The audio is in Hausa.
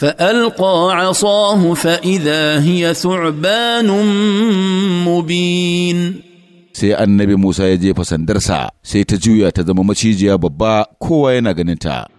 فالقى عصاه فاذا هي ثعبان مبين sai annabi Musa ya jefa sandarsa sai ta juya ta zama macijiya babba kowa yana ganinta.